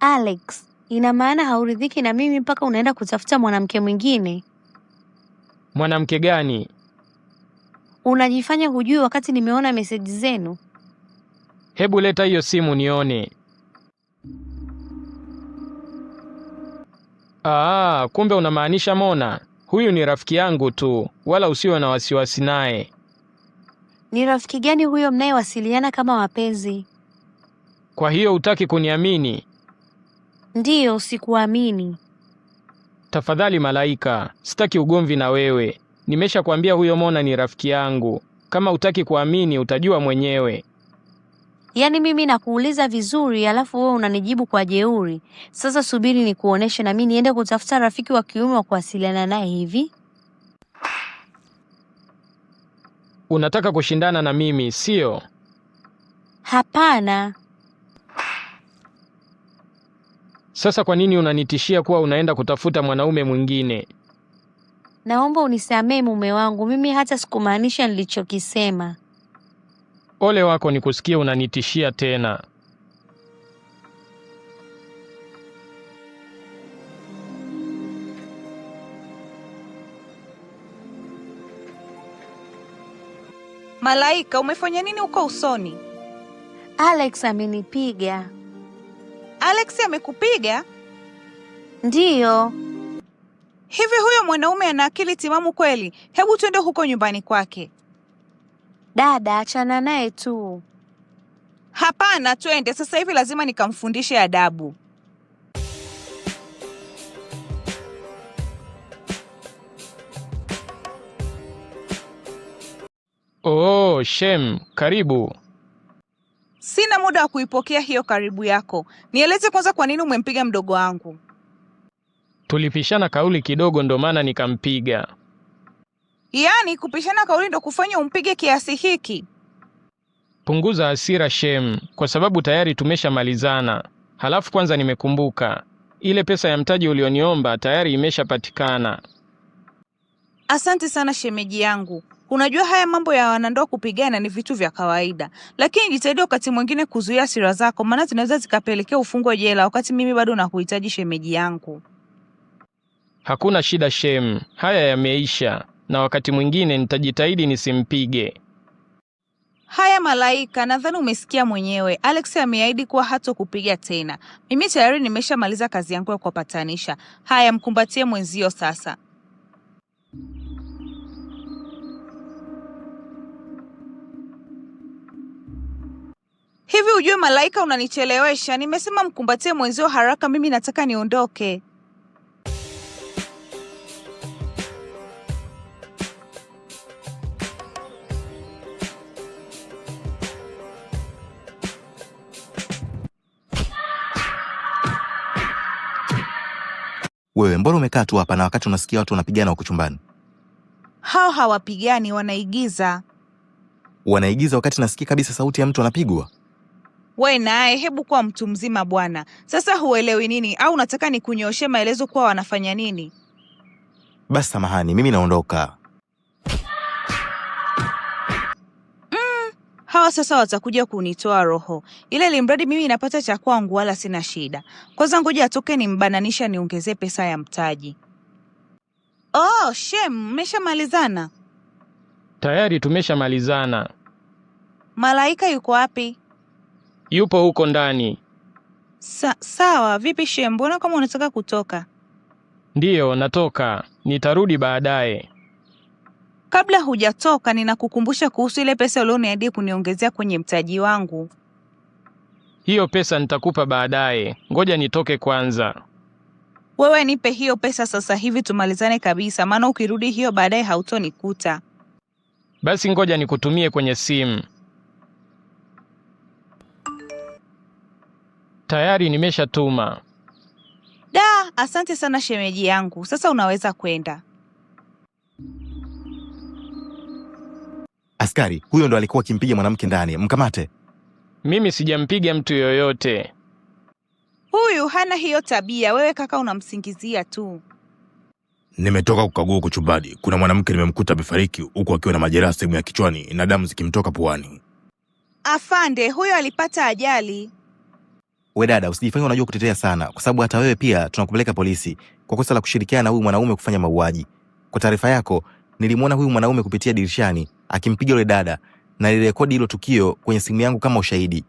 Alex, ina maana hauridhiki na mimi mpaka unaenda kutafuta mwanamke mwingine? Mwanamke gani? Unajifanya hujui wakati nimeona meseji zenu. Hebu leta hiyo simu nione. Aa, kumbe unamaanisha Mona. Huyu ni rafiki yangu tu, wala usiwe na wasiwasi naye. Ni rafiki gani huyo mnayewasiliana kama wapenzi? Kwa hiyo hutaki kuniamini? Ndiyo, sikuamini. Tafadhali Malaika, sitaki ugomvi na wewe. Nimeshakwambia huyo Mona ni rafiki yangu. Kama utaki kuamini, utajua mwenyewe. Yaani mimi nakuuliza vizuri, alafu wewe unanijibu kwa jeuri. Sasa subiri nikuoneshe na mimi niende kutafuta rafiki wa kiume wa kuwasiliana naye. Hivi unataka kushindana na mimi, sio? Hapana. Sasa kwa nini unanitishia kuwa unaenda kutafuta mwanaume mwingine? Naomba unisamehe mume wangu, mimi hata sikumaanisha nilichokisema. Ole wako nikusikie unanitishia tena. Malaika, umefanya nini huko usoni? Alex amenipiga. Alex amekupiga? Ndiyo. Hivi huyo mwanaume ana akili timamu kweli? Hebu twende huko nyumbani kwake. Dada, achana naye tu. Hapana, twende sasa hivi, lazima nikamfundishe adabu. Oh, Shem, karibu sina muda wa kuipokea hiyo karibu yako. Nieleze kwanza kwa nini umempiga mdogo wangu? Tulipishana kauli kidogo, ndo maana nikampiga. Yaani kupishana kauli ndo kufanya umpige kiasi hiki? Punguza hasira Shem, kwa sababu tayari tumeshamalizana. Halafu kwanza nimekumbuka ile pesa ya mtaji ulioniomba tayari imeshapatikana. Asante sana shemeji yangu. Unajua haya mambo ya wanandoa kupigana ni vitu vya kawaida, lakini jitahidi wakati mwingine kuzuia sira zako, maana zinaweza zikapelekea ufungo jela, wakati mimi bado nakuhitaji shemeji yangu. Hakuna shida Shem, haya yameisha, na wakati mwingine nitajitahidi nisimpige. Haya Malaika, nadhani umesikia mwenyewe. Alex ameahidi kuwa hatokupiga tena. Mimi tayari nimeshamaliza kazi yangu ya kuwapatanisha. Haya, mkumbatie mwenzio sasa. Hivi ujue malaika unanichelewesha, nimesema mkumbatie mwenzio haraka, mimi nataka niondoke. Wewe mbona umekaa tu hapa na wakati unasikia watu wanapigana huko chumbani? Hao hawapigani, wanaigiza. Wanaigiza wakati nasikia kabisa sauti ya mtu anapigwa we naye, hebu kuwa mtu mzima bwana, sasa huelewi nini? Au unataka nikunyoshe maelezo kuwa wanafanya nini? Basi samahani, mimi naondoka. Mm, hawa sasa watakuja kunitoa roho, ile ili mradi mimi napata cha kwangu, wala sina shida. Kwanza ngoja atoke nimbananisha, niongezee pesa ya mtaji. Oh, shem, mmeshamalizana? Tayari tumeshamalizana. Malaika yuko wapi? Yupo huko ndani. Sa sawa, vipi Shem, mbona kama unataka kutoka? Ndiyo, natoka. Nitarudi baadaye. Kabla hujatoka, ninakukumbusha kuhusu ile pesa ulioniahidi kuniongezea kwenye mtaji wangu. Hiyo pesa nitakupa baadaye, ngoja nitoke kwanza. Wewe nipe hiyo pesa sasa hivi tumalizane kabisa, maana ukirudi hiyo baadaye hautonikuta. Basi ngoja nikutumie kwenye simu. Tayari nimeshatuma. Da, asante sana shemeji yangu. Sasa unaweza kwenda. Askari huyo ndo alikuwa akimpiga mwanamke ndani, mkamate. Mimi sijampiga mtu yoyote. Huyu hana hiyo tabia. Wewe kaka, unamsingizia tu. Nimetoka kukagua huko kuna mwanamke nimemkuta amefariki huku akiwa na majeraha sehemu ya kichwani na damu zikimtoka puani. Afande, huyo alipata ajali we dada, usijifanye unajua kutetea sana, kwa sababu hata wewe pia tunakupeleka polisi kwa kosa la kushirikiana na huyu mwanaume kufanya mauaji. Kwa taarifa yako, nilimwona huyu mwanaume kupitia dirishani akimpiga yule dada na nilirekodi hilo tukio kwenye simu yangu kama ushahidi.